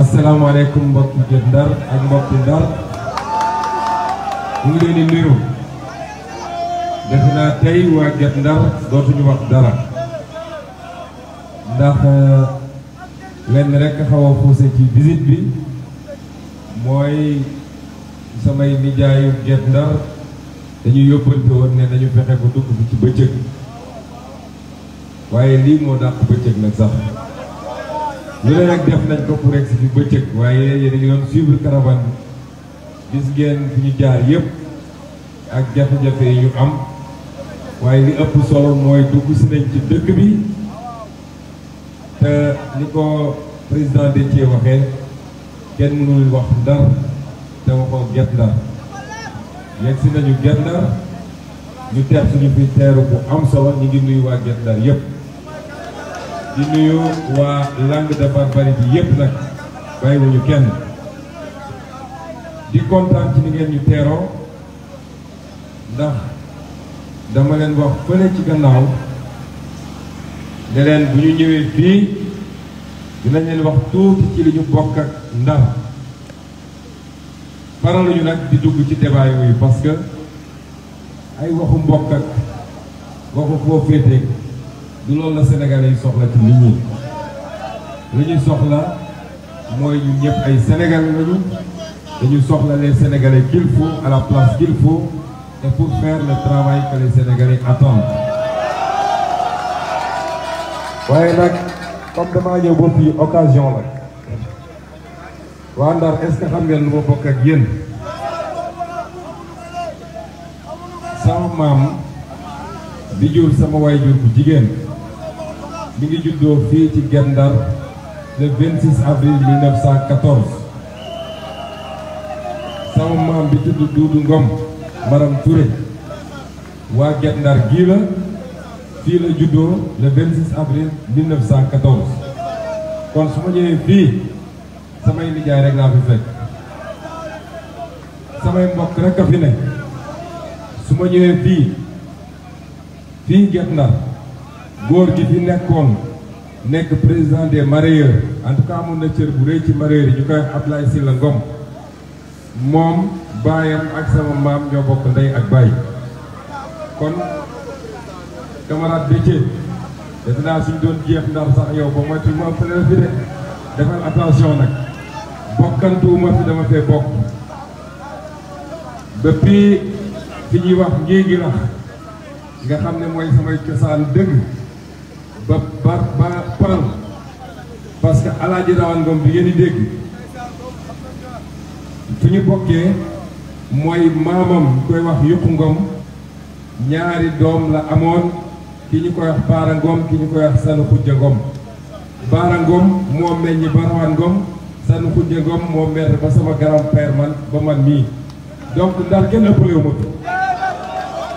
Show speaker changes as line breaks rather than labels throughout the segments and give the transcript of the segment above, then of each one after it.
asalaamaaleykum mbokki jët ndar ak mbokki ndar ñu ngi leen di nuyu defe naa tey waa jët ndar dootuñu wax dara ndax eh, lenn rek xaw a fuuse ci visite bi mooy samay nijaayu jët ndar dañu yóbbante woon ne nañu fexe bu dugg bi ci bëccëg waaye lii moo dàq bëccëg nag sax lu ne nag def nañ ko pour egg si fi bëccëg waaye yéen a ngi doon suivre caravane bi gis ngeen fi ñu jaar yépp ak jafe-jafe yi am waaye li ëpp solo moy dugg si nañ ci dëkk bi te ni ko président Déthié waxee kenn mënul wax ndar te waxoo Guet Ndar yegg si nañu Guet Ndar ñu teer suñu fi teeru bu am solo ñu ngi nuyu waa Guet Ndar yépp di wa waa langue de barbarie bi yépp nag bàyyiwuñu kenn di kontaan ci ni ngeen ñu teeroo ndax dama leen wax fële ci gannaaw ne leen bu ñu ñëwee fii dinañ leen wax tuuti ci li ñu bokk ak ndar faraluñu nag di dugg ci débat yooyu parce que ay waxu mbokk ak waxu foo féetee du loolu la sénégalais yi soxla ci nit ñi li ñuy soxla mooy ñu ñëpp ay sénégalais lañu dañu soxla les sénégalais qu'il faut à la place qu'il faut et pour faire le travail que les sénégalais attendent. waaye nag comme il y ba fii occasion la waa Ndar est-ce que vous ngeen lu ma bokk ak yéen sama maam di jur sama waay jur bu mi ngi juddoo fii ci Guet le 26 avril 1914 sama maam bi tudd Duudu Ngom Maram Touré waa Guet Ndar la fii la juddoo le 26 avril 1914 kon su ma ñëwee fii samay nijaay rek laa fi fekk samay mbokk rek a fi ne su ma ñëwee fii fii góor gi fi nekkoon nekk président des mareyeurs en tout cas na cër bu rëy ci mareyeurs yi ñu koy Ablaye Sylla Ngom moom baayam ak sama maam ñoo bokk ndey ak baay kon camarade Déthié defe naa suñ doon jeex ndar sax yow ba moytu ma fële fi de defal attention nag bokkantuuma fi dama fee bokk depuis fi ñuy wax ngii ngi rax nga xam ne mooy samay cosaan dëgg ba ba ba param parce que alaaji Rawane Ngom bi ngeen di dégg fu ñu bokkee mooy koy wax Yuqu Ngom ñaari doom la amoon ki ñu koy wax Baara Ngom ki ñu koy wax Sanu Xujja Ngom Baara Ngom moo meññ ba Rawane Sanu Xujja Ngom moo mer ba sama grand-père man ba man mii donc Ndar kenn ëppale wu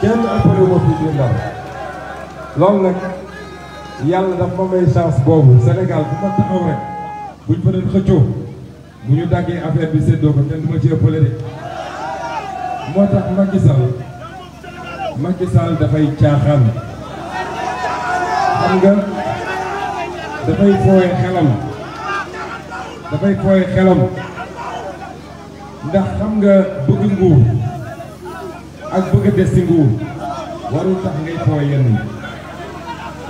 kenn ëppale wu fi Ndar loolu nag yàlla dafa may chance boobu Sénégal bu ma taxaw rek buñ fa doon xëccoo bu ñu daggee affaire bi séddoo ko kenn du ci ëppale de moo tax Macky Sall Macky Sall dafay caaxaan xam nga dafay fooye xelam dafay fooye xelam ndax xam nga bëgg nguur ak bëgg a des ci nguur warul tax ngay fooye yenn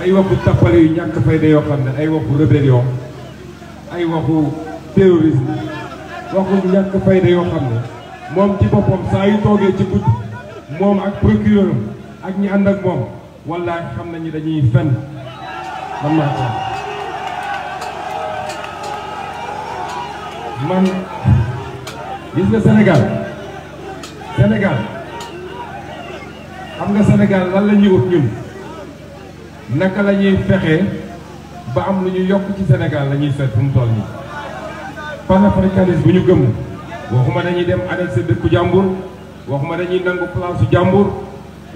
ay waxu tappale yu ñàkk fayda yoo xam ne ay waxu rébellion ay waxu terrorisme waxu ñàkk fayda yoo xam ne moom ci boppam saa yu toogee ci guddi moom ak procureur ak ñi ànd ak moom wallaay xam nañu dañuy fenn man maa ko man gis nga Sénégal Sénégal xam nga Sénégal lan la ut ñun naka la ñuy fexe ba am lu ñu yokk ci Sénégal la ñuy seet fu mu toll nii panafricanisme bu ñu gëm waxuma dañuy dem annexé dëkku jàmbur waxuma dañuy nangu place jàmbur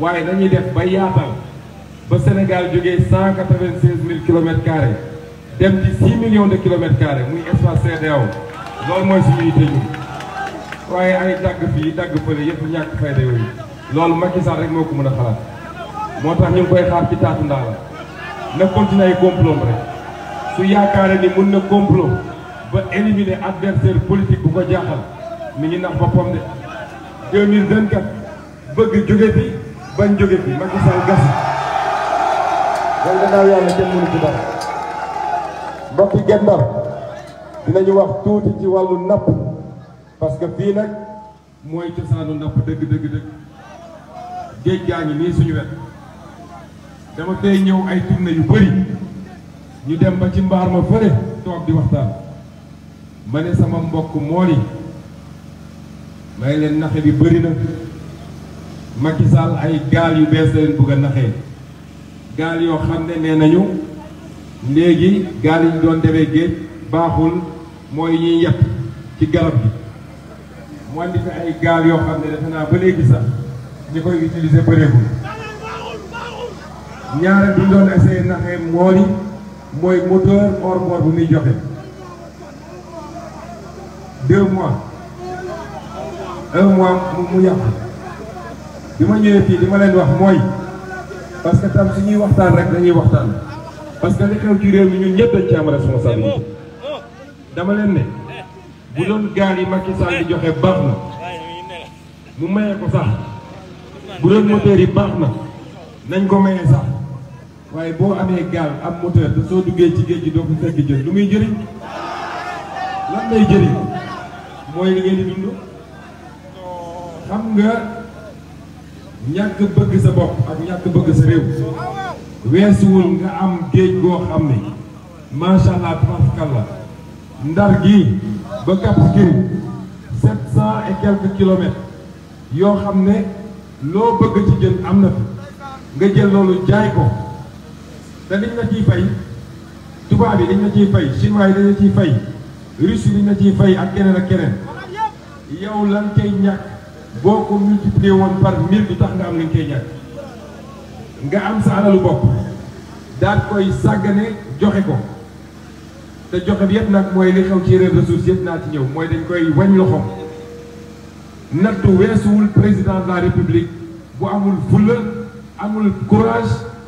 waaye dañuy def ba yaatal ba Sénégal jógee cent quatre-vingt-seize mille kilomètres carrés dem ci six millions de kilomètres carrés muy espace CEDEAO lool mooy si yitte ñun waaye ay dagg fii dagg fële yëpp ñàkk fayda yooyu loolu Macky Sall rek moo ko mën a xalaat. moo tax ñu ngi koy xaar ci taatu ndaa la na continuer ay complot rek su yaakaare ni mun na complot ba éliminer adversaire politique bu ko jaaxal mi ngi nax boppam de 2024 bëgg jóge fi bañ jóge fi Macky Sall gas loolu gannaaw yàlla kenn mënu ci dara mbokki gendar dinañu wax tuuti ci wàllu napp parce que fii nag mooy cosaanu napp dëgg dëgg dëgg géej gaa ngi nii suñu wet dama fee ñëw ay tournée yu bëri ñu dem ba ci mbaar ma fële toog di waxtaan ma ne sama mbokk mool yi may leen naxe bi bëri na Macky Sall ay gaal yu bees la leen bëgg naxee gaal yoo xam ne nee nañu léegi gaal yi ñu doon demee géej baaxul mooy ñuy yepp ci garab gi mu andi ay gaal yoo xam ne defe naa ba léegi sax ñi koy utiliser bëreegul ñaareel bi ñu doon essayé naxee mool yi mooy moteur hors bord bu muy joxe deux mois un mois mu yàq bi ma ñëwee fii li ma leen wax mooy parce que tam ñuy waxtaan rek dañuy waxtaan parce que li xew ci réew mi ñun ñëpp dañ ci am dama leen ne bu doon gaal yi Macky Sall di joxe baax na mu mayee ko sax bu doon moteur yi baax nañ ko mayee sax waaye boo amee gaal am moteur te soo duggee ci géej gi doo ko fekk jël lu muy jëriñ lan lay jëriñ mooy li ngeen di dund xam nga ñàkk bëgg sa bopp ak ñàkk bëgg sa réew weesuwul nga am géej goo xam ne macha allah tabaarkalla ndar gi ba Cap Skirring sept yoo xam ne loo bëgg ci jën am na fi nga jël loolu jaay ko danañ la ciy fay tubaab yi dañ la ciy fay chinois yi dañ la ciy fay russe yi dañ la ciy fay ak keneen ak keneen yow lan kay ñàkk boo ko multiplier woon par mille du tax nga am lañ cay ñàkk nga am sa alalu bopp daal koy sàggane joxe ko te joxe bi yëpp nag mooy li xew ci yeneen ressources yëpp naa ci ñëw mooy dañ koy wañ loxo nattu weesuwul président la république bu amul fulla amul courage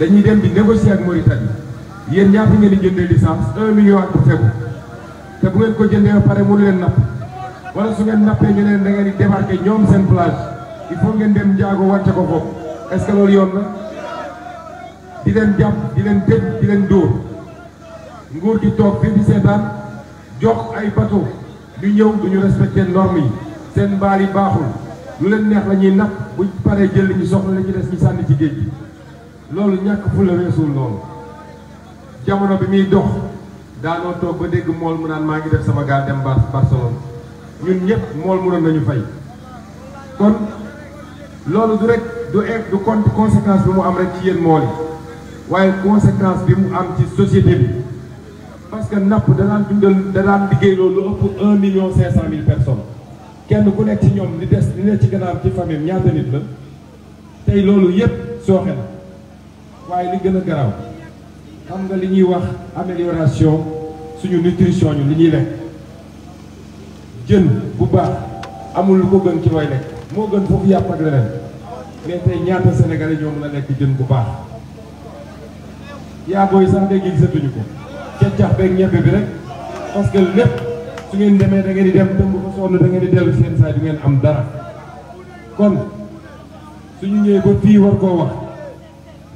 dañuy dem di négocier ak Mauritanie yeen ñaata ngeen di jëndee licence 1 million ak bu fegu te bu ngeen ko jëndee ba pare mënu leen napp wala su ngeen nappee ñu leen da ngeen di débarquer ñoom seen plage il faut ngeen dem njaago wàcce ko foofu est ce que loolu yoon la di leen jàpp di leen tëj di leen dóor nguur gi toog fii di seetaan jox ay bateau ñu ñëw duñu respecté norme yi seen mbaal baaxul lu leen neex la ñuy bu paree jël li ñu soxla li ci des ñu sànni ci géej gi loolu ñàkk fulla weesul loolu jamono bi muy dox daanoo toog ba dégg mool mu naan maa ngi def sama gaal dem Barcelone ñun ñëpp mool mënoon nañu fay kon loolu du rek du e, du compte conséquence bi mu am rek ci yéen mool yi waaye conséquence bi mu am ci société bi parce que napp danaan dundal danaan liggéey loolu ëpp un million cinq cent mille personne kenn ku nekk ci ñoom li des li nekk ci gannaaw ci famille ñaata nit la tey loolu yëpp sooxe na waaye li gën a garaaw xam nga li ñuy wax amélioration suñu nutrition ñu li ñuy lekk jën bu baax amul lu ko gën ci looy lekk moo gën foofu yàpp ak leneen mais tey ñaata sénégalais ñoo mën a jën bu baax yaa booy sax dégg gisatuñu ko càccax beeg ñebe bi rek parce que lépp su ngeen demee da ngeen di dem dem bu ko sonn da ngeen di dellu seen saay du ngeen am dara kon suñu ñëwee ko fii war koo wax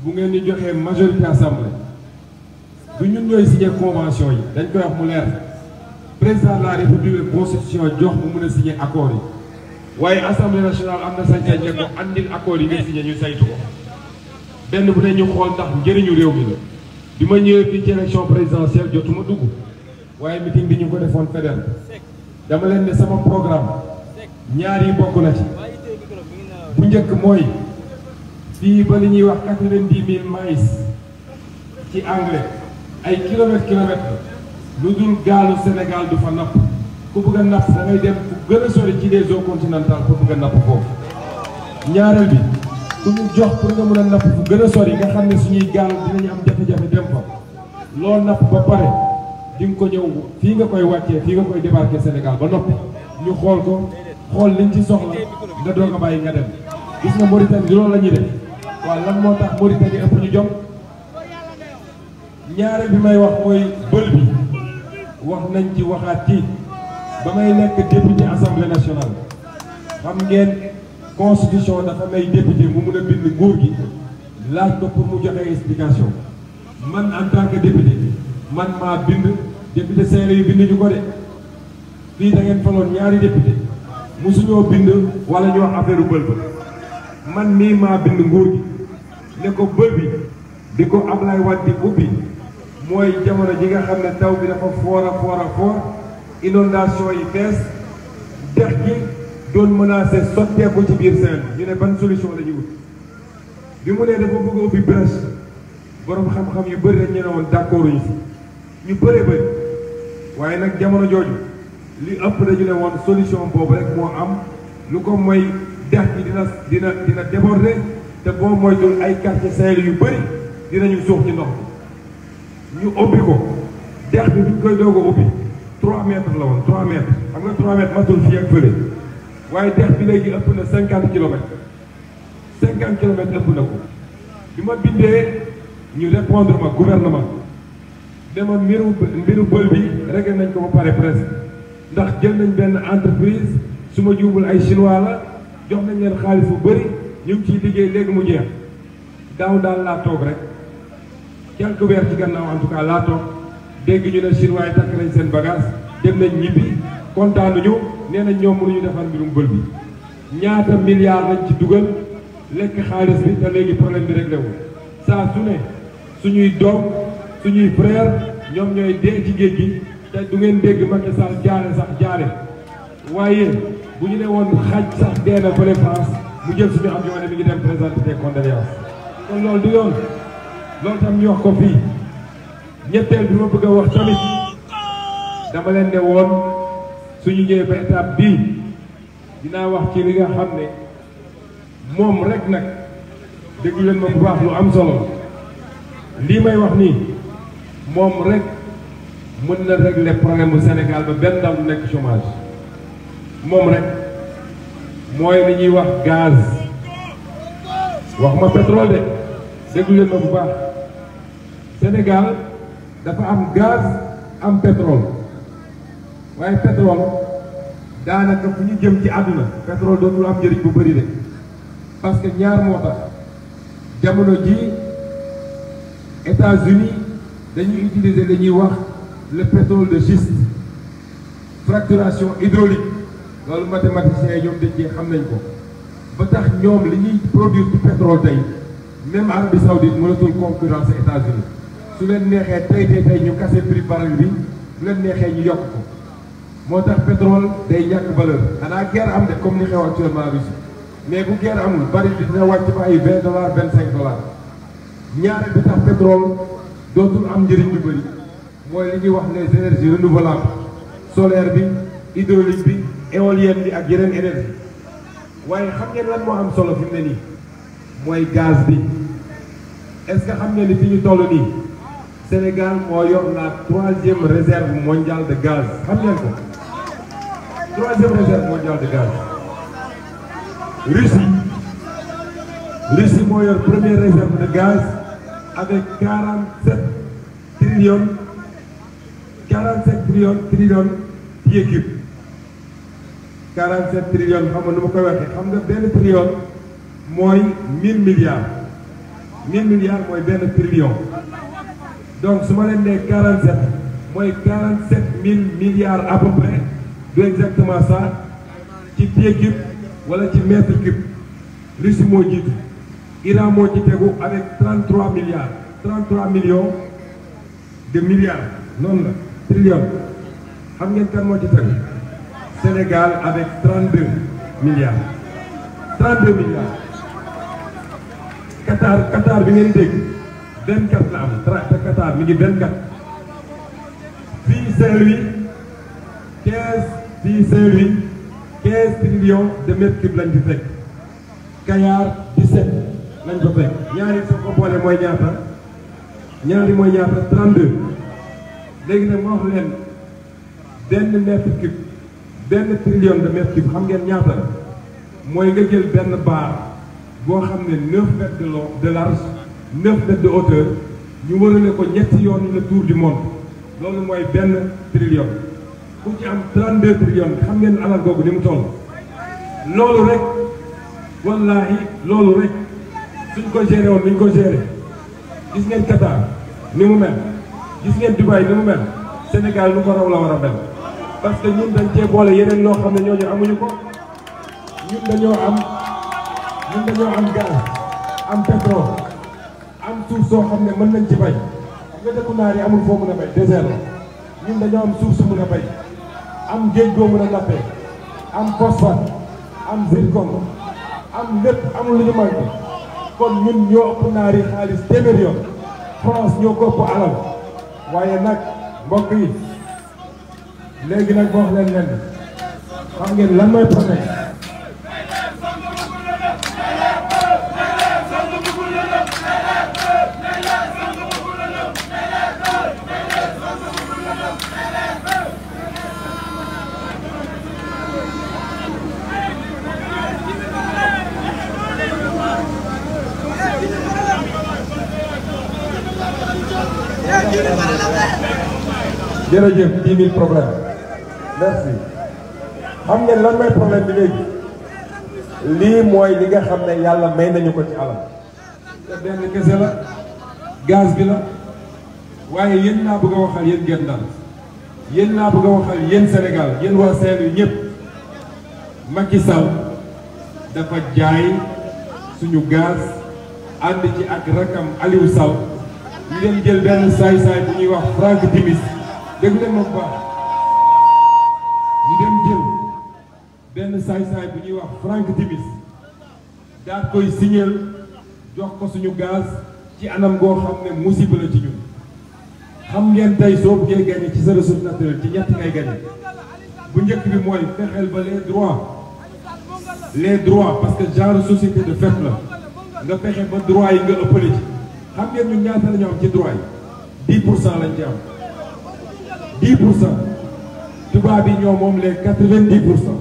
bu ngeen di joxee majorité assemblée du ñun ñooy signé convention yi dañ koy wax mu leer président de la république constitution jox mu mën a signé accord yi waaye assemblée nationale am na sañ ne ko andil accord yi nga signé ñu saytu ko benn bu ne ñu xool ndax njëriñu réew mi la bi ma ñëwee fii ci élection présidentielle jotuma dugg waaye meeting bi ñu ko defoon feder dama leen ne sama programme ñaar yi bokk na ci bu njëkk mooy fii ba li ñuy wax quatre-vingt-dix mille miles ci anglais ay kilomètres kilomètres lu dul gaalu Sénégal du fa napp ku bëgg a napp da ngay dem ku gën a sori ci les eaux continentales pour a napp foofu. ñaareel bi ku ñu jox pour nga mën a napp fu gën a nga xam ne suñuy gaal dinañu am jafe-jafe dem fa loo napp ba pare di ko jëw fii nga koy wàccee fii nga koy débarquer Sénégal ba noppi ñu xool ko xool liñ ci soxla nga doog a bàyyi nga dem gis nga Mauritanie loolu la ñuy def. waaw lan moo tax Mauritanie ëpp ñu jom ñaare bi may wax mooy bël bi wax nañ ci waxaat ci ba may nekk député assemblée nationale xam ngeen constitution dafa may député mu mun bind nguur gi laaj ko pour mu joxe explication man en tant que député man ma bind député séeréer yi bind ñu ko de fii da ngeen faloon ñaari député musuñoo bind wala ñu affaire bël man mii maa bind nguur gi ne ko bi di ko am Wade di ubbi mooy jamono ji nga xam ne taw bi dafa foor a foor a foor inondation yi fees dex gi doon menacé sotteeku ci biir seen ñu ne ban solution la ñu wut bi mu ne dafa bëgg ubbi brèche borom xam-xam yu bëri dañu ne woon d'accord ñu si ñu bëree bëri waaye nag jamono jooju li ëpp dañu ne woon solution boobu rek moo am lu ko moy dex gi dina dina dina déborder te boo moytuwul ay quartier Sahel yu bëri dinañu suux ci ndox ñu ubbi ko dex bi ñu koy doog a ubbi 3 mètres la woon 3 mètres xam nga 3 mètres matul fii ak fële waaye dex bi léegi ëpp na cinquante kilomètres 50 kilomètres ëpp na ko bi ma bindee ñu répondre ma gouvernement dama mbiru mbiru bël bi réglé nañ ko ba pare presque ndax jël nañ benn entreprise su ma juumul ay chinois jox nañ leen xaalis bu bëri. ñu ci liggéey léegi mu jeex daaw daal laa toog rek quelque weer ci gannaaw en tout cas laa toog dégg ñu ne chinois yi takk nañ seen bagage dem nañ ñibbi kontaanuñu nee nañ ñoom mënuñu defar mbirum bël bi ñaata milliards lañ ci dugal lekk xaalis bi te léegi problème bi réglé wu saa su ne suñuy doom suñuy frère ñoom ñooy dee ci géej gi te du ngeen dégg Macky Sall jaare sax jaare waaye bu ñu ne woon xaj sax dee na fële mu jël suñu avion ne mi ngi dem présenter des condoléances kon loolu du yoon loolu tam ñu wax ko fii ñetteel bi ma bëgg a wax tamit dama leen ne woon suñu ñëwee ba étape bii dinaa wax ci li nga xam ne moom rek nag déglu leen ma bu baax lu am solo lii may wax nii moom rek mën na régler problème bu Sénégal ba benn ndaw nekk chômage moom rek. Moi, je ñuy wax gaz wax pétrole bu Sénégal dafa am gaz am pétrole Le pétrole daanaka fu ñu jëm ci pétrole am parce que ñaar moo tax jamono ji États-Unis dañuy utiliser le pétrole de schiste fracturation hydraulique loolu mathématiciens yi ñoom dañ ci xam nañ ko ba tax ñoom li ñuy produire du pétrole tey même Arabie Saoudite mënatul concurrence États-Unis su leen neexee tey tey tey ñu kase prix bi su leen neexee ñu yokk ko moo tax pétrole day ñàkk valeur xanaa guerre am de comme ni xew actuellement Russie mais bu guerre amul baril bi dina wàcc ba ay vingt dollars vingt cinq dollars ñaare bi tax pétrole dootul am njëriñ lu bëri mooy li ñuy wax les énergies renouvelables solaire bi hydraulique bi éolienne bi ak yeneen énergie waaye xam ngeen lan moo am solo fi mu ne nii mooy gaz bi est-ce que xam ngeen ni fi ñu toll nii Sénégal moo yor la troisième réserve mondiale de gaz xam ngeen ko troisième réserve mondiale de gaz Russie Russie moo yor première réserve de gaz avec 47 trillions 47 trillions trillions pieds cubes 47 trillion xam nu ma koy waxee xam nga benn trillion mooy 1000 milliards 1000 milliards mooy benn trillion donc su ma leen nee 47 mooy 47 000 milliards à peu près du exactement ça ci pied cube wala ci mètre cube Russie moo jiitu Iran moo ci tegu avec 33 milliards 33 millions de milliards noonu la trillion xam ngeen kan moo ci tegu. Sénégal avec 32 milliards 32 milliards Qatar Qatar 24 la Qatar 24 15 Saint-Louis 15 louis 15 millions de mètres cubes l'année fekk Kayar 17 lañ je fekk ñaari soo ko boole mooy ñaata ñaari mooy 32 léegi nag ma wax cubes. benn mètres benn trillion de mètres cubes xam ngeen ñaata mooy nga jël benn baar boo xam ne neuf mètres de long de large neuf mètres de hauteur ñu warale ko ñetti yoon le tour du monde loolu mooy benn trillion ku ci am 32 trillion xam ngeen alal googu ni mu toll loolu rek wallaahi loolu rek suñ ko géré woon ko géré gis ngeen Qatar ni mu mel gis ngeen Dubaï ni mu mel Sénégal lu ko raw la war a mel parce que ñun dañ cee boole loo xam ne ñooñu amuñu ko ñun dañoo am ñun dañoo am gaz am pétrole am suuf soo xam ne mën nañ ci bay nga dëkku naar yi amul foo mën a bay désert ñun dañoo am suuf su mën a bay am géej goo mën a nappe am phosphate am zircon am lépp amul lu ñu manqué kon ñun ñoo ëpp naar yi xaalis téeméer yoon France ñoo ko ëpp alal waaye nag mbokk yi léegi nag wax leen leen xam ngeen lan mooy problème jërëjëf dix mille problème xam ngeen lan mooy problème bi léegi lii mooy li nga xam ne yàlla may nañu ko ci alal te benn kese la gaz bi la waaye yéen naa bëgg a waxal yéen Guet Ndar yéen naa bëgg a waxal yéen Sénégal yéen waa Saint-Louis ñëpp Macky Sall dafa jaay suñu gaz ànd ci ak rakam Aliou Sall ñu leen jël benn saay-saay bu ñuy wax Franck Timis dégg leen moom baax benn saay-saay bu ñuy wax Frank Timis daal koy signal jox ko suñu gaz ci anam goo xam ne musiba la ci ñun xam ngeen tey soo buggee gagné ci sa ressource naturelle ci ñett ngay gagné bu njëkk bi mooy fexeel ba les droits les droits parce que genre société de fait la nga fexe ba droits yi nga ëppale ci xam ngeen ñun ñaata la ñu am ci droits yi 10 pour cent lañ ci am 10 pour cent tubaab yi ñoo moom les 90 pour cent.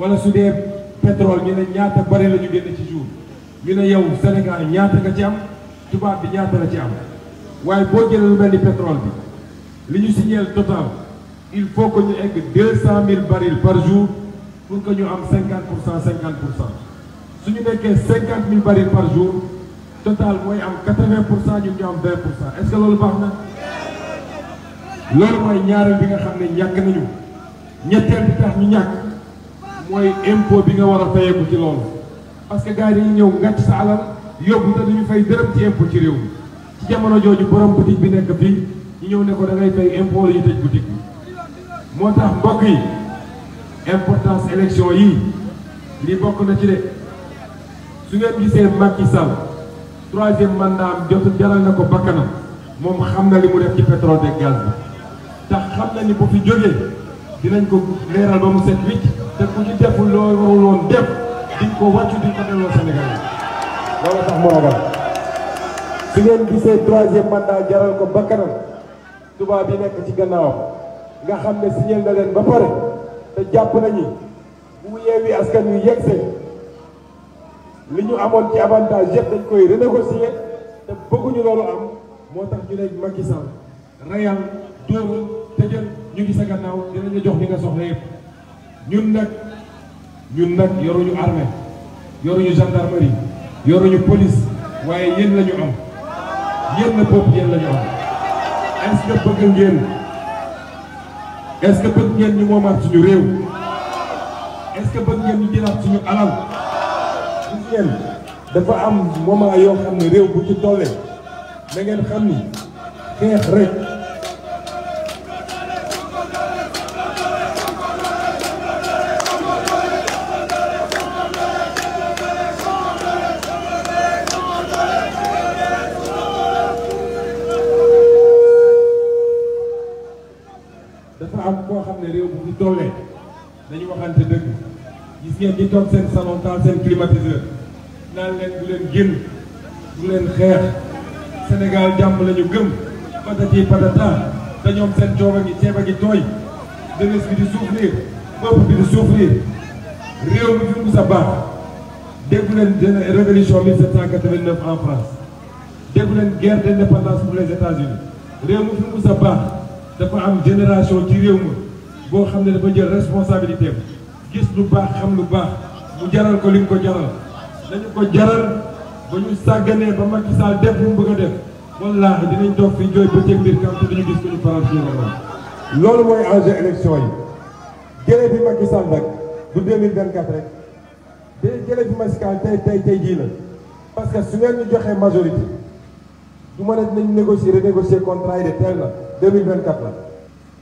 wala su dee pétrole ñu ne ñaata bari la ñu génn ci jour ñu ne yow Sénégal ñaata nga ci am tubaab bi ñaata la ci am waaye boo jëlee lu mel ni pétrole bi li ñu signeel total il faut que ñu egg deux cent mille barils par jour pour que ñu am cinquante pour cent cinquante pour cent su ñu nekkee cinquante mille barils par jour total mooy am quatre-vingt pour cent ñun ñu am vingt pour cent est-ce que loolu baax na loolu mooy ñaareel bi nga xam ne ñàkk nañu mooy impôt bi nga war a fayeeku ci loolu parce que gars yi ñëw ngàcc sa alal yóbbu te duñu fay dërëm ci impôt ci réew mi ci jamono jooju borom boutique bi nekk fii ñu ñëw ne ko da ngay fay impôt yi tëj boutique bi moo tax mbokk yi importance élection yi li bokk na ci de su ngeen gisee Macky Sall troisième mandat am jot jaral na ko bakkanam moom xam na li mu def ci pétrole de gaz bi tax xam na ni bu fi jógee dinañ ko leeral ba mu set wicc te ku ñu def loo warul woon di ko wàccu di ko delloo Sénégal loolu tax moo waral su ngeen gisee troisième mandat jaral ko bakkanam tubaab yi nekk ci gannaawam ne signal na leen ba wi yegsee li ñu amoon ci avantage yëpp dañ koy renégocier te bëgguñu loolu am moo tax ñu ne Macky Sall rayal dóor tëjal ñu ngi ñun nag ñun nag yoruñu armée yoruñu gendarmerie yoruñu police waaye yéen lañu am yéen la bopp yéen lañu am est-ce que bëgg ngeen est-ce que bëgg ngeen ñu moomaat suñu réew est-ce que bëgg ngeen ñu jëlaat suñu alal ngeen dafa am moment yoo xam réew bu ci tollee na ngeen xam ni rek ne réew bu ñu tollee dañu waxante dëgg gis ngeen ñi toog seen salon taal seen climatiseur naan leen bu leen génn bu leen xeex Sénégal jàmm la ñu gëm patati patata te ñoom seen coono gi ceeb a ngi tooy jeunesse bi di souffrir bopp bi di souffrir réew mi fi mu sa baax déggu révolution 1789 en France déggu leen guerre d'indépendance pour les États-Unis réew mi fi mu sa baax dafa am génération ci réew mi. boo xam ne dafa jël responsabilité am gis lu baax xam lu baax mu jaral ko li mu ko jaral dañu ko jaral ba ñu sàgganee ba Macky Sall def lu mu bëgg a def wallaahi dinañ toog fi jooy bëccëg biir kam te duñu gis suñu faral loolu mooy enjeu élection yi jëlee bi Macky Sall nag du 2024 rek day jëlee bi Macky Sall tey tey tey jii la parce que su ngeen ñu joxee majorité du ma ne dinañ négocier renégocier contrat yi de teel la 2024 la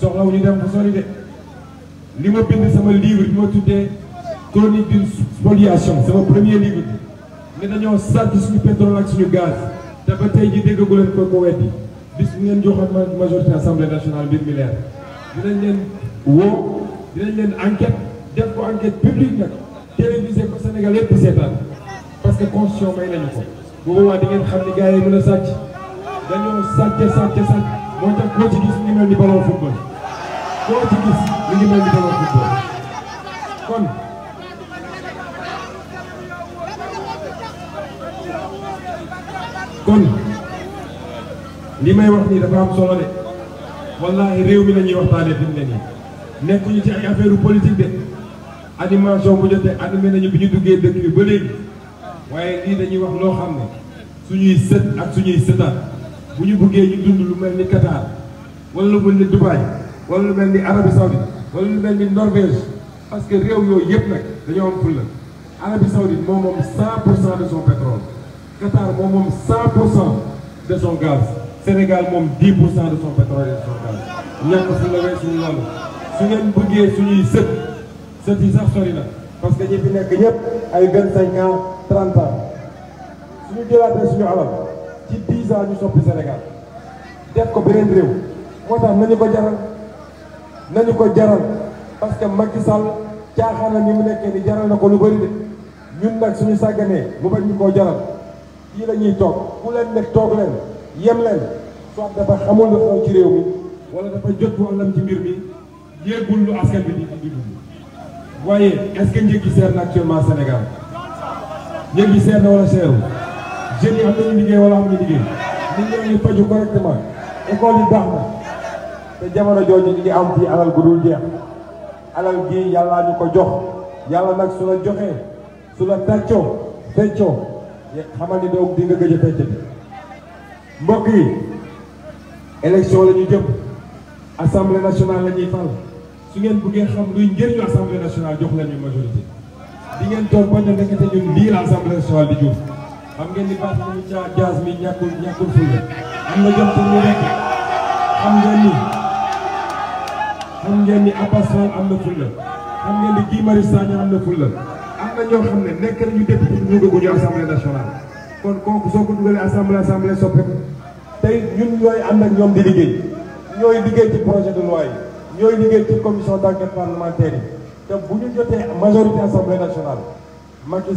soxlawuñu dem bu sori de li ma bind sama livre bi ma tuddee chronique d'une spoliation sama premier livre bi ne dañoo sàcc suñu pétrole ak suñu gaz te ba tey ji déggagu leen ko ko weddi bis bu ngeen joxoon ma majorité assemblée nationale mbir mi leer dinañ leen woo dinañ leen enquête def ko enquête publique nag télévisé ko Sénégal yëpp seetaan parce que constitution may nañu ko bu boobaa di ngeen xam ne gars yi mën a sàcc dañoo sàcce sàcce sàcc moo tax koo ci gis ñu mel ni ballon football koo ci gis ñu ngi ni ballon football kon kon li may wax nii dafa am solo de wallahi réew mi la ñuy waxtaanee fi mu ne nii nekkuñu ci ay affaire politique de animation bu jotee animé nañu bi ñu duggee dëkk bi ba léegi waaye lii lañuy wax loo xam ne suñuy sët ak suñuy sëtaat. bu ñu bëggee ñu dund lu mel ni Qatar wala lu mel ni Dubaï wala lu mel ni Arabie Saoudite wala lu mel ni Norvège parce que réew yooyu yëpp nag dañoo am fulla Arabie Saoudite moo moom 100 pour son pétrole moom 100 pour cent de son gaz Sénégal moom 10 pour cent de son pétrole et de son gaz ñàkk fu la weesu su ngeen bëggee suñuy sët sët yi sax sori na parce que ñi nekk ñëpp ay 25 ans 30 ans suñu jëlaatee suñu alal. ci 10 ans ñu soppi Sénégal def ko beneen réew moo tax nañu ko jaral nañu ko jaral parce que Macky Sall caaxaana ni mu nekkee ni jaral na ko lu bëri de ñun nag suñu sàgganee mu bañ ñu koo jaral fii la ñuy toog ku leen nekk toog leen yem leen soit dafa xamul lu xew ci réew mi wala dafa jot bu alam ci mbir mi yéegul lu askan bi di di dund waaye est-ce que njëg gi seer na actuellement Sénégal njëg gi seer na wala seerul jeunes yi am nañu liggéey wala am ñu liggéey nit ñaa ngi faju correctement école yi baax na te jamono jooju ñu ngi am fii alal gu dul jeex alal gi yàllaa ñu ko jox yàlla nag su la joxee su la tàccoo feccoo xamal ni doog di nga gëj a fecc bi mbokk yi élection ñu jëm assemblée nationale la fal su ngeen bëggee xam luy njëriñu assemblée nationale jox leen ñu majorité di ngeen toog bañ a nekkate ñun lii assemblée nationale di xam ngeen ni Fatou Ndiaye Diaz mi ñàkkul ñàkkul fulla am na jot pour nekk xam ngeen ni xam ngeen ni Abass am na fulla xam ngeen ni Guy Marius Sagna am na fulla am na ñoo xam ne nekk nañu député ñu dugg ñu assemblée nationale. kon kooku soo ko dugalee assemblée assemblée soppeeku tey ñun ñooy am ak ñoom di liggéey ñooy liggéey ci projet de loi yi ñooy liggéey ci commission d' enquête parlementaire yi te bu ñu jotee majorité assemblée nationale Macky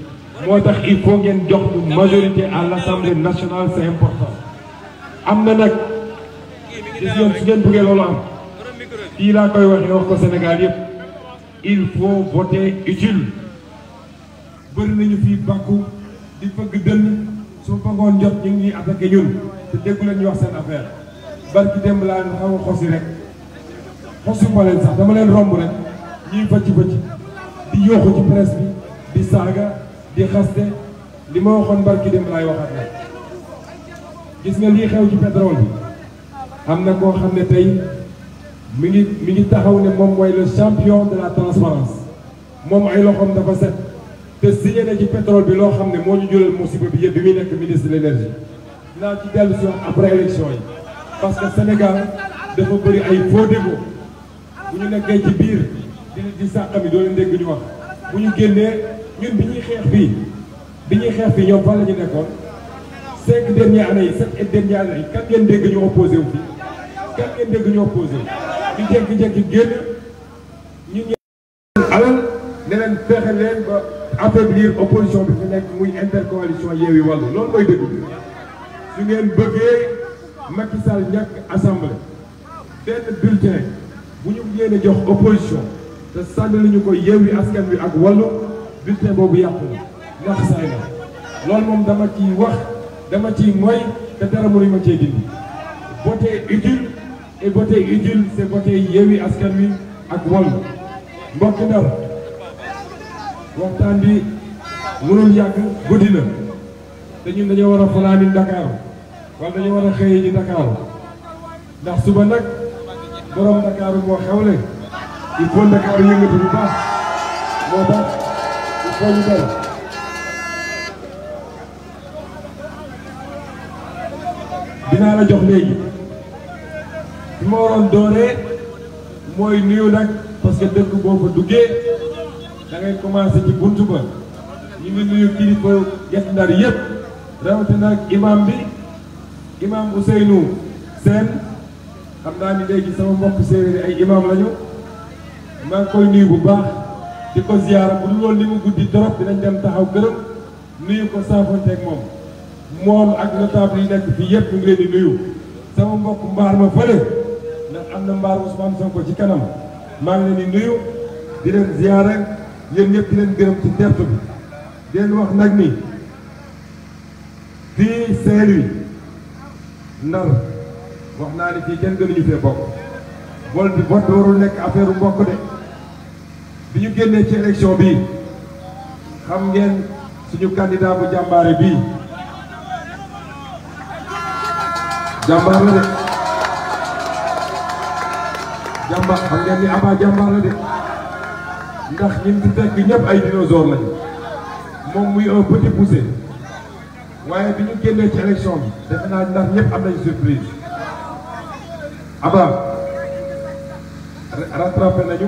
moo tax il faut ngeen jox ñu majorité à l' assemblée nationale c' est important am na nag gis ngeen su loolu am fii laa koy waxee wax ko Sénégal yëpp il faut voter utile bëri nañu fii bàkku di fëgg dënn su bëggoon jot ñu ngi attaqué ñun te déggu leen ñu wax seen affaire barki démb laa leen xaw xosi rek xosuma leen sax dama leen romb rek ñuy fëcc fëcc di yooxu ci presse bi di saga. di xaste li mo waxoon barki dem lay waxat nag gis nga li xew ci pétrole bi amna ko xamné tay mi ngi mi ngi taxaw ne mom moy le champion de la transparence mom ay loxom dafa set te signé na ci pétrole bi lo xamné mo ñu jural musiba bi yeb bi mi nek ministre de l'énergie la ci delu ci après élection yi parce que Sénégal dafa bari ay faux débat bu ñu nekké ci biir di di sàqami do leen dégg ñu wax bu ñu génné ñun bi ñuy xeex fii bi ñuy xeex fii ñoom fa la ñu nekkoon cinq dernières années sept et dernières années yi kan ngeen dégg ñu opposé wu fii kan ngeen dégg ñu opposé wu ñu jékki-jékki génn ñu ñëw alal ne leen fexe leen ba affaiblir opposition bi fi nekk muy intercoalition Yewwi Wallu loolu mooy dëgg bi su ngeen bëggee Macky Sall ñàkk assemblée benn bulletin bu ñu yéene jox opposition te sànni lu ñu ko Yewwi Askan Wi ak Wallu bulletin boobu yàqu na nax saay na loolu moom dama ci wax dama ci mooy te dara mënu ma cee dindi voté utile et voté utile c'est voté Yewwi Askan Wi ak Wallu mbokk Ndar waxtaan bi mënul yàgg guddi na te ñun dañoo war a fanaani Dakar wala dañu war a xëyee ji Dakar ndax suba nag borom Dakar moo xewle il faut Dakar yëngatu bu baax
moo tax Boobu Mbaye.
dinaa la jox léegi. bi waroon dooree mooy nuyu nag parce dëkk boo duggee da ngay commencé ci buntu ba ñu ngi nuyu kilifa Guet Ndar yëpp rawatina ak imam bi imam Ousseynou Sène xam naa ni léegi sama mbokk séeréer ay imam lañu maa koy nuyu bu baax. di ko ziyaara bu dul woon li mu guddi trop dinañ dem taxaw këram nuyu ko saafonteeg moom moom ak notable yi nekk fii yëpp ñu ngi nuyu sama mbokk mbaar ma fële ndax am na mbaar Ousmane Sonko ci kanam maa ngi leen di nuyu di leen ziyaara yéen ñëpp di leen gërëm ci tertu bi di leen wax nag ni fii saint Ndar wax naa ni fii kenn gënuñu fee bokk vol bi vote nekk affaire mbokk de bi ñu génnee ci élection bi xam ngeen suñu candidat bu jàmbaare bii jàmbaar la de jàmbaar xam ngeen ni Aba jàmbaar la de ndax ñun fi fekk ñëpp ay dinosaures lañu moom muy un petit poussé waaye bi ñu génnee ci élection bi defe naa ndax ñëpp am nañu surprise Aba rattrapé nañu.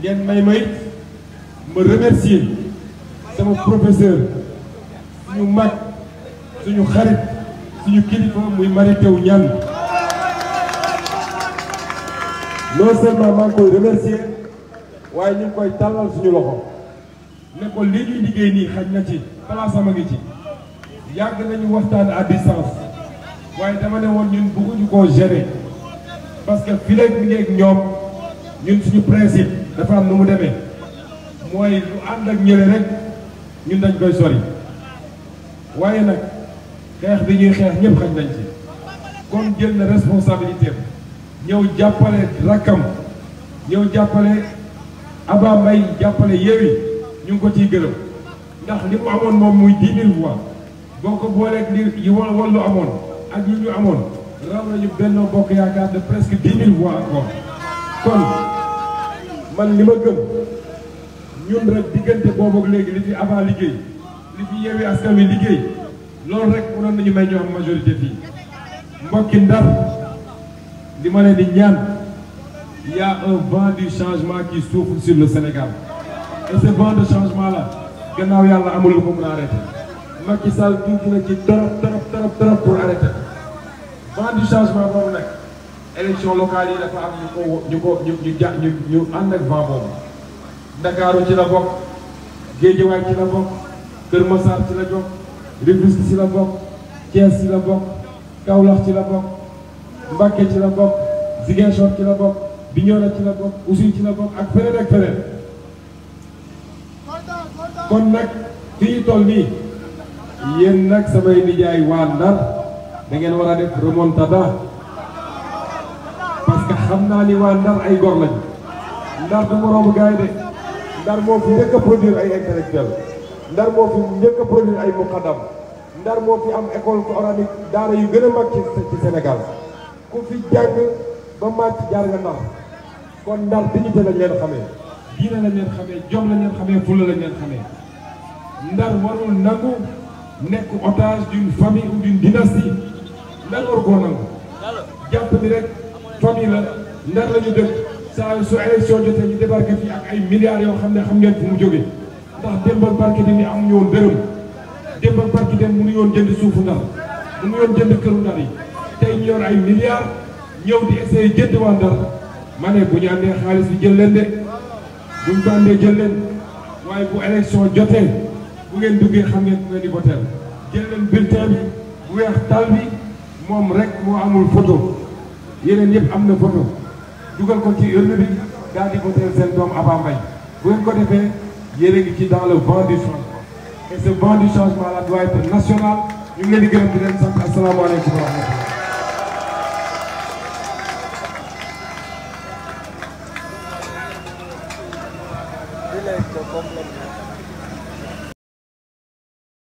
ngeen may may ma remercier sama professeur suñu mag suñu xarit suñu kilifa muy Mary Teuw Niane non seulement maa koy remercier waaye ñu ngi koy tàllal suñu loxo ne ko li ñuy liggéey nii xaj na ci place am ci yàgg nañu waxtaan à distance waaye dama ne woon ñun bëgguñu koo gérer parce que fii léegi ñoom ñun suñu principe dafa am nu mu demee lu ànd ak ñële rek ñun dañ koy sori waaye nag xeex bi ñuy xeex ñëpp vous ci kon jël na responsabilité ñëw jàppale rakam ñëw jàppale Aba avez jàppale ko ciy gërëm ndax li mu amoon muy dix mille voix boo ko booleeg li yi wal ak yu ñu amoon raw Bokk Yaakaar de presque dix voix encore man li ma gëm ñun rek diggante boobu léegi li fi avant liggéey li fi yeewi askan wi liggéey loolu rek mënoon nañu may ñu am majorité fii mbokki Ndar li ma leen di ñaan yaa a un vent du changement qui souffle sur le Sénégal et ce vent de changement là gannaaw yàlla amul lu ko mën a arrêté Macky Sall tuuti na ci torop torop torop torop pour arrêter vent du changement boobu nag élection locale yi dafa am ñu ko ñu ko ñu ñu ja ñu ñu ànd ak vent Ndakaaru ci la bokk Géejawaay ci la bokk Kër Massar ci la bokk Rufisque ci la bokk Thiès ci la bokk Kaolack ci la bokk Mbacké ci la bokk Ziguinchor ci la bokk Bignona ci la bokk Oussouye ci la bokk ak feneen ak feneen kon nag fi ñu toll nii yéen nag samay nijaay waa Ndar da ngeen war a def remontada xam naa ni waa Ndar ay gor lañ Ndar du moroomu gars de Ndar moo fi njëkk a produire ay intellectuel Ndar moo fi njëkk a produire ay muqaddam Ndar moo fi am école coranique daara yu gën a mag ci Sénégal ku fi jàng ba màcc jaar nga Ndar kon Ndar dignité a leen xamee diine lañ leen xamee jom lañ leen xamee fulla lañ leen xamee Ndar warul nangu nekk otage d'une famille ou d'une dynastie Ndar war nangu jàpp ni rek famille la ndar la ñu dëkk saa su élection jotee ñu débarqué fii ak ay milliards yoo xam ne xam ngeen fu mu jógee ndax démb ak barke di ni amuñu woon dërëm démb ak barke dem mënu yoon jënd suufu ndar mënu yoon jënd këru ndar yi tey ñu yor ay milliards ñëw di essayé jënd waa ndar ma ne bu ñu àndee xaalis bi jël leen de buñ ko àndee jël leen waaye bu élection jotee bu ngeen duggee xam ngeen bu ngeen di voter jël leen bulletin bi bu weex tal bi moom rek moo amul photo yeneen yëpp am na photo dugal ko ci urne bi daal di voter seen doom Abba Mbaye bu ngeen ko defee yéen ngi ci dans le vent du changement et ce vent du changement là doit être ñu ngi leen di gërëm di leen sant asalaamaaleykum wa